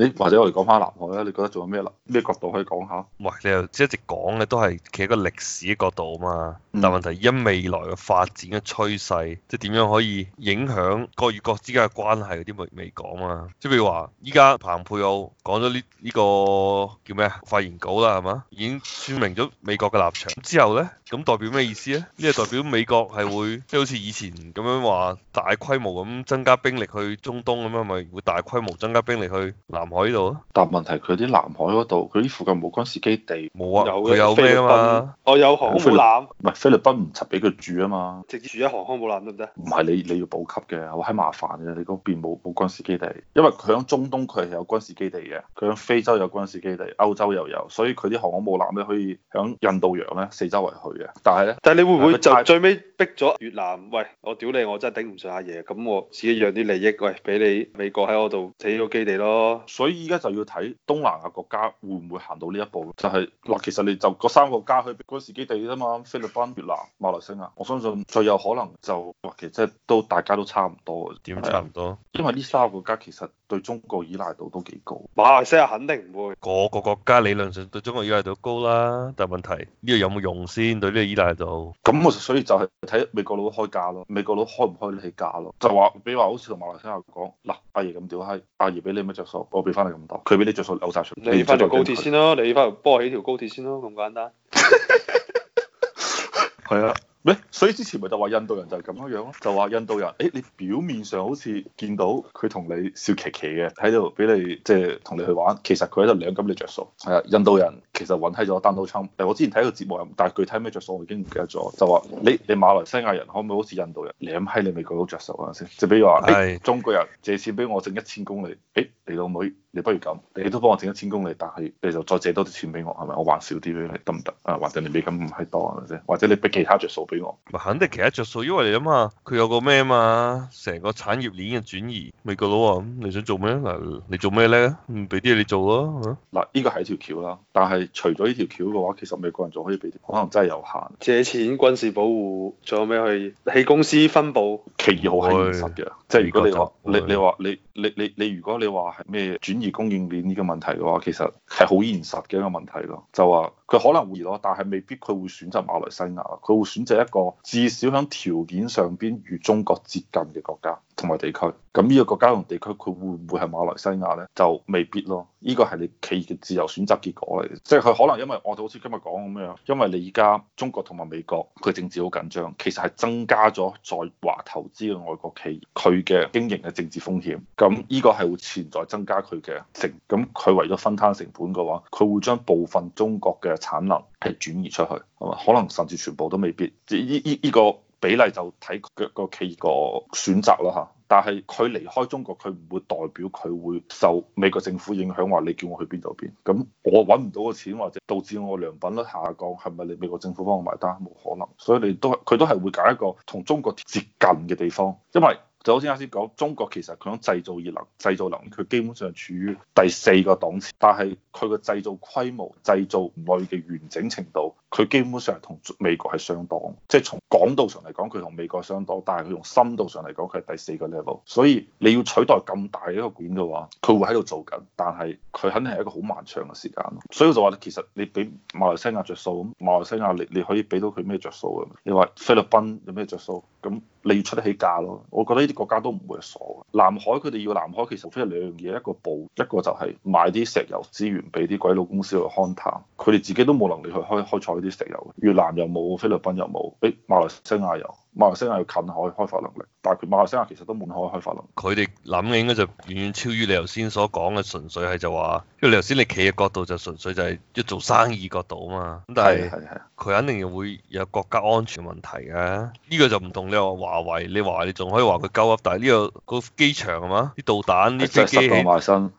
你或者我哋講翻南海啦，你覺得仲有咩立咩角度可以講下？喂，你又一直講嘅都係企喺個歷史嘅角度啊嘛，嗯、但係問題因未來嘅發展嘅趨勢，即係點樣可以影響國與國之間嘅關係嗰啲未未講啊嘛？即係譬如話依家彭佩奧講咗呢呢個叫咩啊？發言稿啦係嘛，已經說明咗美國嘅立場之後咧，咁代表咩意思咧？呢、這個代表美國係會即係、就是、好似以前咁樣話大規模咁增加兵力去中東咁樣，係咪會大規模增加兵力去南？海呢度啊？但問題佢啲南海嗰度，佢啲附近冇軍事基地，冇啊有，佢有飛啊嘛，我、哦、有航空母艦，唔係菲律賓唔插俾佢住啊嘛，直接住喺航空母艦得唔得？唔係你你要補給嘅，我喺麻煩嘅，你嗰邊冇冇軍事基地，因為佢喺中東佢係有軍事基地嘅，佢喺非洲有軍事基地，歐洲又有，所以佢啲航空母艦咧可以喺印度洋咧四周圍去嘅。但係咧，但係你會唔會就最尾逼咗越南？喂，我屌你，我真係頂唔順阿爺，咁我自己讓啲利益，喂，俾你美國喺我度起個基地咯。所以依家就要睇東南亞國家會唔會行到呢一步，就係、是、嗱，其實你就嗰三個國家去嗰時基地啫嘛，菲律賓、越南、馬來西亞。我相信最有可能就話其實都大家都差唔多，點差唔多？因為呢三個國家其實對中國依賴度都幾高。馬來西亞肯定唔會。嗰個國家理論上對中國依賴度高啦，但問題呢個有冇用先？對呢個依賴度。咁我所以就係睇美國佬開價咯，美國佬開唔開得起價咯？就話，比如話好似同馬來西亞講，嗱、啊，阿爺咁屌閪，阿爺俾你咪着數？啊爺爺回翻嚟咁多，佢俾你著數，好曬出。你翻條高鐵先咯，你翻嚟幫我起條高鐵先咯，咁簡單。係啊。咩？所以之前咪就話印度人就係咁樣樣咯，就話印度人，誒、欸、你表面上好似見到佢同你笑騎騎嘅，喺度俾你即係同你去玩，其實佢喺度兩金你着數。係啊，印度人其實揾閪咗單刀槍。誒，我之前睇一個節目，但係具體咩着數我已經唔記得咗。就話你你馬來西亞人可唔可以好似印度人？你咁閪你美夠到着數啊先。就比如話，你、欸、中國人借錢俾我剩一千公里，誒你老妹。你不如咁，你都幫我整一千公里，但係你就再借多啲錢俾我，係咪？我還少啲俾你得唔得？啊，或者你俾咁唔係多係咪先？或者你俾其他着數俾我？啊，肯定其他着數，因為你諗下，佢有個咩嘛？成個產業鏈嘅轉移，美國佬啊，你想做咩？嗱，你做咩咧？嗯，俾啲嘢你做囉！嗱，呢個係一條橋啦。但係除咗呢條橋嘅話，其實美國人仲可以俾啲，可能真係有限。借錢、軍事保護，仲有咩可以？喺公司分佈。係好現實嘅，對即係如果你話你你話你你你你，你如果你話係咩轉移供應鏈呢個問題嘅話，其實係好現實嘅一個問題咯。就話佢可能會攞，但係未必佢會選擇馬來西亞，佢會選擇一個至少喺條件上邊與中國接近嘅國家。同埋地區，咁呢個國家同地區佢會唔會係馬來西亞呢？就未必咯。呢個係你企業嘅自由選擇結果嚟嘅，即係佢可能因為我哋好似今日講咁樣，因為你而家中國同埋美國佢政治好緊張，其實係增加咗在華投資嘅外國企業佢嘅經營嘅政治風險。咁呢個係會存在增加佢嘅成，咁佢為咗分攤成本嘅話，佢會將部分中國嘅產能係轉移出去，係嘛？可能甚至全部都未必。即呢呢個。比例就睇佢個企業個選擇啦吓，但係佢離開中國，佢唔會代表佢會受美國政府影響，話你叫我去邊度邊，咁我揾唔到個錢或者導致我良品率下降，係咪你美國政府幫我埋單冇可能？所以你都佢都係會揀一個同中國接近嘅地方，因為。我先啱先講，中國其實佢講製造熱能、製造能力，佢基本上處於第四個檔次。但係佢個製造規模、製造類嘅完整程度，佢基本上係同美國係相當。即係從廣度上嚟講，佢同美國相當，但係佢用深度上嚟講，佢係第四個 level。所以你要取代咁大一個管嘅話，佢會喺度做緊，但係佢肯定係一個好漫長嘅時間。所以我就話，其實你俾馬來西亞着數，咁馬來西亞你你可以俾到佢咩着數啊？你話菲律賓有咩着數？咁。你要出得起價咯，我覺得呢啲國家都唔會傻。南海佢哋要南海，其實無非係兩樣嘢，一個報，一個就係買啲石油資源俾啲鬼佬公司去勘探，佢哋自己都冇能力去開開採呢啲石油。越南又冇，菲律賓又冇，誒，馬來西亞有。馬來西亞要近海開發能力，但係佢馬來西亞其實都滿海開發能力。佢哋諗嘅應該就遠遠超於你頭先所講嘅，純粹係就話，因為你頭先你企嘅角度就純粹就係一做生意角度啊嘛。咁但係佢肯定會有國家安全問題嘅。呢個就唔同你話華為，你話你仲可以話佢鳩噏，但係呢個個機場係嘛？啲導彈啲飛機器，係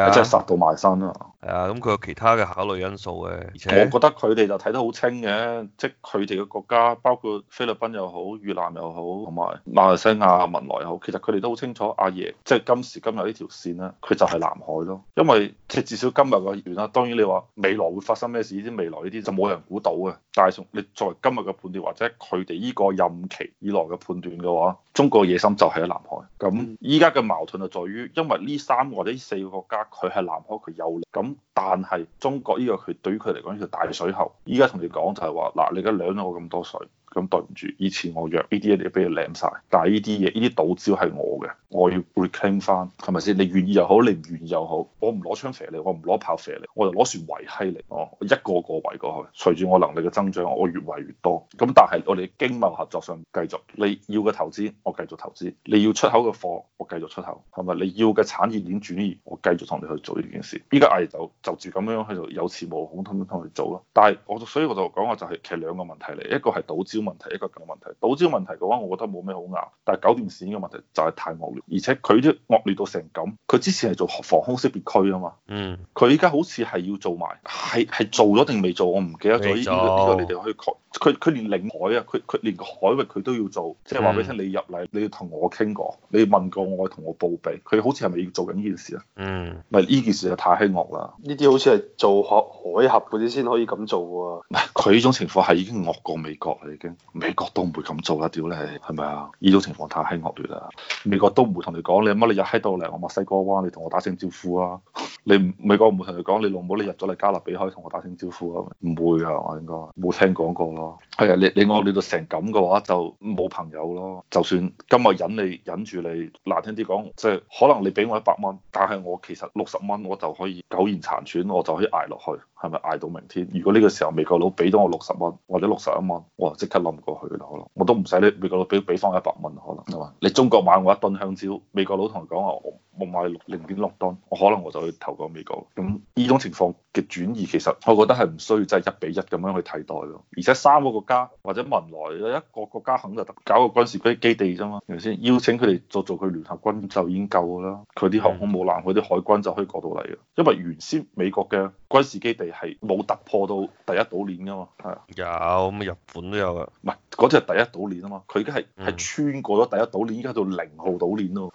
啊，即係殺到埋身。啊。啊，咁佢、嗯、有其他嘅考慮因素嘅。而且我覺得佢哋就睇得好清嘅，即係佢哋嘅國家，包括菲律賓又好、越南又好，同埋馬來西亞、文萊又好，其實佢哋都好清楚。阿爺即係今時今日呢條線咧，佢就係南海咯。因為即至少今日嘅遠啦，當然你話未來會發生咩事呢？未來呢啲就冇人估到嘅。但係你作為今日嘅判斷，或者佢哋呢個任期以來嘅判斷嘅話，中國嘅野心就係喺南海。咁依家嘅矛盾就在於，因為呢三個或者四個國家，佢係南海佢有力咁。但係中國呢個佢對於佢嚟講呢條大水喉，依家同你講就係話，嗱，你而家量咗我咁多水。咁對唔住，以前我約呢啲嘢你俾佢舐晒。但係呢啲嘢，呢啲島礁係我嘅，我要 reclaim 翻係咪先？你願意又好，你唔願意又好，我唔攞槍射你，我唔攞炮射你，我就攞船圍閪你，我一個個圍過去。隨住我能力嘅增長，我越圍越多。咁但係我哋經貿合作上繼續，你要嘅投資我繼續投資，你要出口嘅貨我繼續出口，係咪？你要嘅產業鏈轉移我繼續同你去做呢件事。依家我哋就就住咁樣喺度有恃無恐咁樣同你做咯。但係我所以我就講我就係、是、其實兩個問題嚟，一個係島礁。問題一個咁嘅問題，島礁問題嘅話，我覺得冇咩好拗。但係九段線嘅問題就係太惡劣，而且佢都惡劣到成咁。佢之前係做防空識別區啊嘛，嗯，佢依家好似係要做埋，係係做咗定未做？我唔記得咗。呢個你哋可以確，佢佢連領海啊，佢佢連海域佢都要做，即係話俾你聽、嗯，你入嚟你要同我傾過，你要問過我，同我，我報備。佢好似係咪要做緊呢件事啊？嗯，咪呢件事就太輕惡啦。呢啲好似係做海峽做、啊、做海峽嗰啲先可以咁做喎、啊。唔係佢呢種情況係已經惡過美國啦，已經。美國都唔會咁做啦，屌你係咪啊？呢種情況太欺惡劣啦！美國都唔會同你講，你乜你入喺度嚟，我，我墨西哥灣，你同我打聲招呼啦。你美國唔會同你講，你老母你入咗嚟加勒比海，同我打聲招呼啊！唔 會啊會，我應該冇聽講過咯。係啊，你你我你到成咁嘅話，就冇朋友咯。就算今日忍你忍住你，難聽啲講，即係可能你俾我一百蚊，但係我其實六十蚊我就可以苟延殘喘，我就可以捱落去，係咪捱到明天？如果呢個時候美國佬俾到我六十蚊或者六十一蚊，我即刻。過唔過去嘅咯，可能我都唔使你美國佬俾俾翻一百蚊，可能係嘛？你中國買我一噸香蕉，美國佬同佢講話我我買零點六噸，我可能我就去投降美國。咁、嗯、呢、嗯、種情況嘅轉移，其實我覺得係唔需要真係一比一咁樣去替代咯。而且三個國家或者文萊有一個國家肯就搞個軍事基地啫嘛，係咪先？邀請佢哋做做佢聯合軍就已經夠噶啦。佢啲航空母艦，佢啲、嗯、海軍就可以過到嚟嘅，因為原先美國嘅軍事基地係冇突破到第一島鏈噶嘛，係啊，有咁、嗯、日本都有啊。唔係嗰只係第一島鏈啊嘛，佢而家係係穿過咗第一島鏈，而家到零號島鏈咯。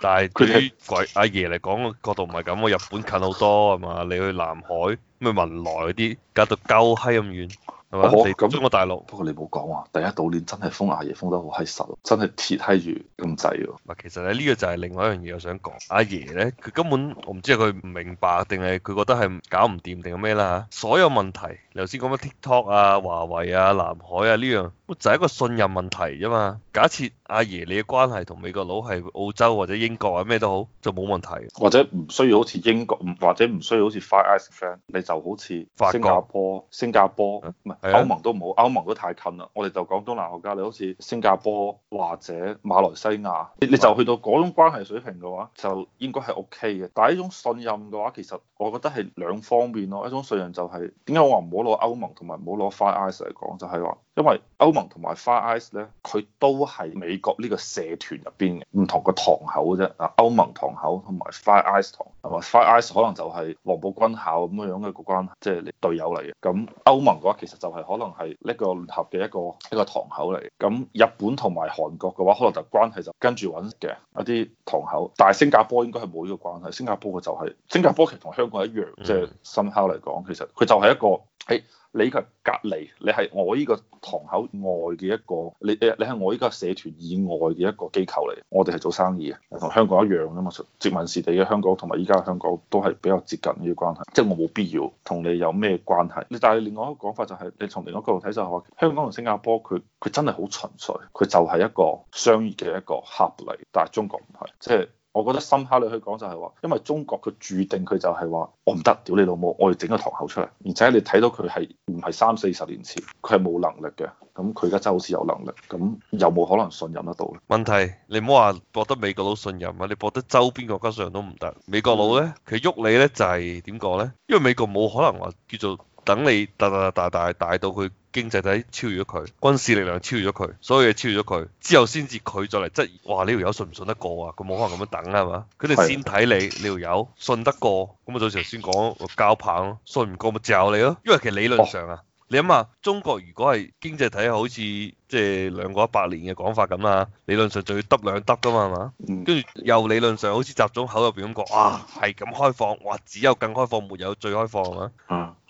但係對於鬼阿爺嚟講，個角度唔係咁喎，日本近好多係嘛？你去南海咩文萊嗰啲，隔到鳩閪咁遠。我咁咗個大陸，不過你冇講話。第一島鏈真係封阿爺封得好閪實，真係鐵閪住咁滯喎。其實咧呢、呢個就係另外一樣嘢，我想講。阿爺咧，佢根本我唔知係佢唔明白定係佢覺得係搞唔掂定係咩啦，所有問題，你頭先講緊 TikTok 啊、華為啊、南海啊呢樣，就係、是、一個信任問題啫嘛。假設阿爺你嘅關係同美國佬係澳洲或者英國啊咩都好，就冇問題。或者唔需要好似英國，或者唔需要好似 Five Eyes Friend，你就好似新加坡、新加坡、嗯歐盟都唔好，歐盟都太近啦。我哋就講東南亞國家，你好似新加坡或者馬來西亞，你你就去到嗰種關係水平嘅話，就應該係 OK 嘅。但係呢種信任嘅話，其實我覺得係兩方面咯。一種信任就係點解我話唔好攞歐盟同埋唔好攞 Five Eyes 嚟講，就係話。因為歐盟同埋 Five Eyes 咧，佢都係美國呢個社團入邊嘅唔同個堂口啫。啊，歐盟堂口同埋 Five Eyes 堂，同埋 Five Eyes 可能就係黃埔軍校咁樣嘅個關係，即係你隊友嚟嘅。咁歐盟嘅話，其實就係可能係呢個聯合嘅一個一個堂口嚟。咁日本同埋韓國嘅話，可能就關係就跟住揾嘅一啲堂口。但係新加坡應該係冇呢個關係。新加坡嘅就係新加坡，其實同香港一樣，即係深刻嚟講，其實佢就係一個喺，欸你個隔離，你係我呢個堂口外嘅一個，你誒你係我依個社團以外嘅一個機構嚟，我哋係做生意嘅，同香港一樣啫嘛，殖民時地嘅香港同埋依家嘅香港都係比較接近呢啲關係，即係我冇必要同你有咩關係。你但係另外一個講法就係，你從另外一個角度睇就係話，香港同新加坡佢佢真係好純粹，佢就係一個商業嘅一個合理，但係中國唔係，即係。我覺得深刻你去講就係話，因為中國佢注定佢就係話，我唔得，屌你老母，我要整個堂口出嚟。而且你睇到佢係唔係三四十年前佢係冇能力嘅，咁佢而家真係好似有能力，咁有冇可能信任得到咧？問題你唔好話博得美國佬信任啊，你博得周邊國家信任都唔得。美國佬咧，佢喐你咧就係點講咧？因為美國冇可能話叫做等你大大大大大大到佢。經濟體超越咗佢，軍事力量超越咗佢，所有嘢超越咗佢，之後先至佢再嚟質疑，哇，呢條友信唔信得過啊？佢冇可能咁樣等啊嘛，佢哋先睇你呢條友信得過，咁啊到時先講交棒，信唔過咪嚼你咯、啊，因為其實理論上啊，哦、你諗下中國如果係經濟體好似。即係兩個一百年嘅講法咁啊，理論上就要得兩得㗎嘛，係嘛？跟住又理論上好似集中口入邊咁講，啊係咁開放，話只有更開放，沒有最開放啊。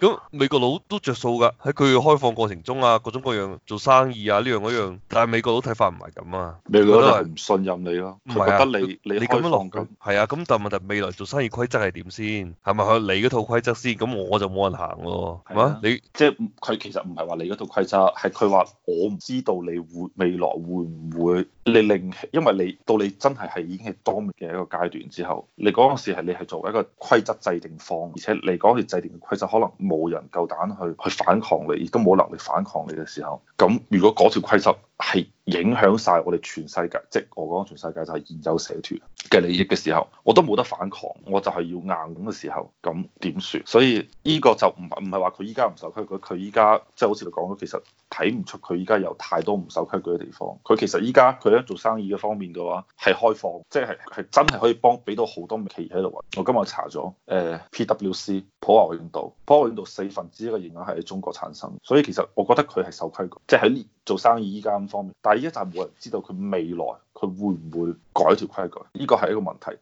咁美國佬都着數㗎，喺佢嘅開放過程中啊，各種各樣做生意啊呢樣嗰樣，但係美國佬睇法唔係咁啊。美國佬係唔信任你咯，佢覺得你你咁樣狼咁。係啊，咁但係問題未來做生意規則係點先？係咪佢你嗰套規則先？咁我就冇人行咯，係嘛？你即係佢其實唔係話你嗰套規則，係佢話我唔知道。到你會未來會唔會你令因為你到你真係係已經係當面嘅一個階段之後，你嗰陣時係你係作為一個規則制定方，而且你嗰條制定嘅規則可能冇人夠膽去去反抗你，亦都冇能力反抗你嘅時候，咁如果嗰條規則，係影響晒我哋全世界，即、就是、我講全世界就係現有社團嘅利益嘅時候，我都冇得反抗，我就係要硬。咁嘅時候，咁點算？所以呢個就唔唔係話佢依家唔守規矩，佢依家即係好似你講咗，其實睇唔出佢依家有太多唔守規矩嘅地方。佢其實依家佢咧做生意嘅方面嘅話係開放，即係係真係可以幫俾到好多企業喺度搵。我今日查咗，誒、呃、P W C 普華永道，普華永道四分之一嘅營業額係喺中國產生，所以其實我覺得佢係守規矩，即係喺呢。做生意依家咁方便，但係依家就係冇人知道佢未來，佢會唔會改條規矩，依個係一個問題。